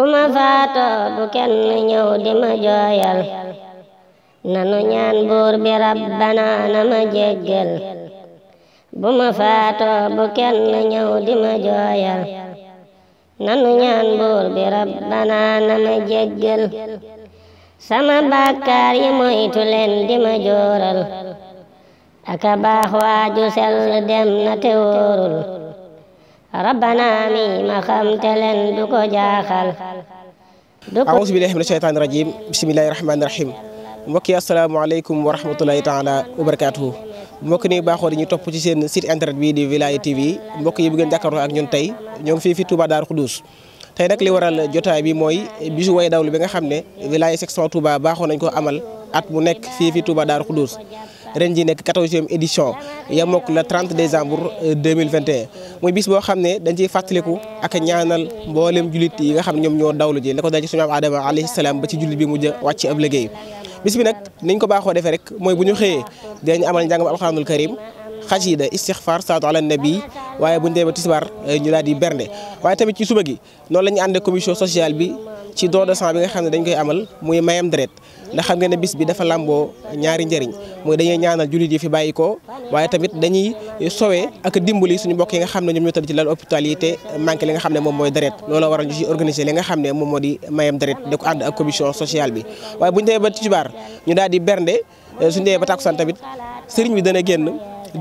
bu ma faatoo bu kenn ñëw di ma jooyal nanu ñaan buur bi rabbana na ma jéggal bu ma faatoo bu kenn ñëw di ma jooyal nanu ñaan buur bi rabbana na ma jéggal sama bàkkaar yi moytu di ma jooral aka baax waaju sell na te wóorul rabbana mi ma xam te leen du ko jaaxal. a'uuzu billaahi mina shaytaani rajiim bismillaahi rahmaani rahiim mbokk yi asalaamaaleykum wa rahmatulahi taala wa barakaatuhu mbokk ni baaxoo di ñu topp ci seen site internet bii di Wilaya TV mbokk yi bu ngeen jàkkaarloo ak ñun tey ñoo ngi fii fi Touba Darou Khoudoss tey nag li waral jotaay bi mooy bi bisu way dawlu bi nga xam ne Wilaya section Touba baaxoo nañ ko amal at mu nekk fii fi Touba Darou Khoudoss ren ji nekk quatorzième édition yemook le 30 décembre 2021 euh, muy bis boo xam ne dañ ciy fàttaliku ak ñaanal mboolem jullit yi nga xam ñoom ñoo dawlu ji la ko daje suñu maam Adama alayhi salaam ba ci jullit bi mu jë wàcc ab liggéey bis bi nag niñ ko baaxoo defee rek mooy bu ñu xëyee dinañ amal njàngam alxuraanul karim xasida istixfar salaatu ala nabi waaye bu ñu demee tisbar euh, ñu daal di bernde waaye tamit ci suba gi noonu la ñu ànd commission social bi ci don de sang bi nga xam ne dañ koy amal muy mayam deret ndax xam ngeen ne bis bi dafa làmboo ñaari njariñ muy dañuy ñaanal jullit yi fi bàyyi ko waaye tamit dañuy sowee ak dimbali suñu mbokk yi nga xam ne ñoo tëdd ci lal hôpital yi te manqué li nga xam ne moom mooy deret loolu waral ne moom moo di mayam deret da ko ànd ak commission waaye bu ñu demee ba tisbaar ñu daal di bernde eh, suñu demee ba takkusaan sëriñ bi dana génn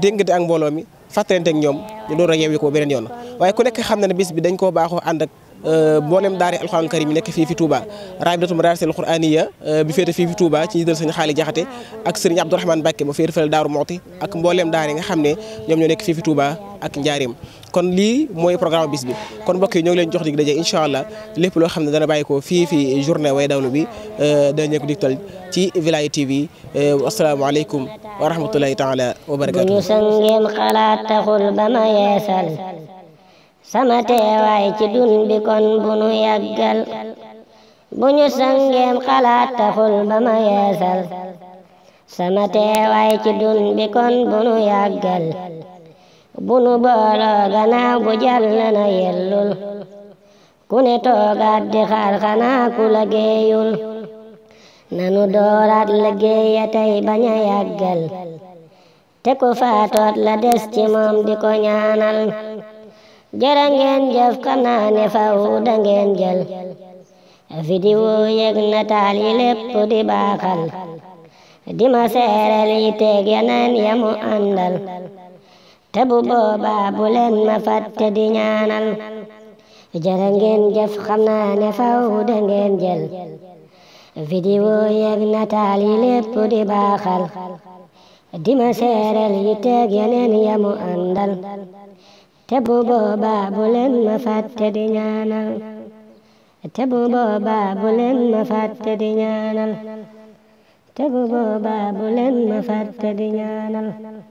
déngante ak mbooloo mi fàttalante ñoom ñu door ko beneen yoon waaye ku xam na ne bis bi dañ koo baaxoo ànd ak Euh, mboolem daari alxuraan karim yi nekk fii fi Touba rabidatum rasil quraniya euh, bi féete fii fi Touba ci njiital sëñ xaali jaxate ak sëriñ Abdourahmane Mbacke ba féete fële Daaru Moxti ak mbooleem daari nga xam ne ñoom ñoo nekk fii fi Touba ak njaareem kon lii mooy programme bis bi kon mbokk yi ñoo ngi leen jox dig daje incha allah lépp loo xam ne dana bàyyi ko fii fi journée way dawlu bi euh, dana ñëw ko ci Wilaya TV asalaamaaleykum wa rahmatulahi sama teewaay ci dun bi kon bu nu sangeem xalaat taxul ba ma yeesal sama teewaay ci dun bi kon bu nu yàggal bu bu jàll na yellul ku ne toogaat di xaar xanaa ku liggéeyul nanu dooraat liggéey ya tey bañ a te ku faatoot la des ci moom di ko ñaanal jërë ngeen jëf xam ne faw da jël vidéo yeeg nataal yi lépp di baaxal di ma seereel yi teeg yeneen ya mu àndal te bu boobaa bu ma fàtte di ñaanal jërë ngeen jëf xam ne faw da jël vidéo yeeg nataal yi lépp di baaxal di ma seereel yi teeg yeneen ya mu àndal te bu boobaa bu leen ma te bu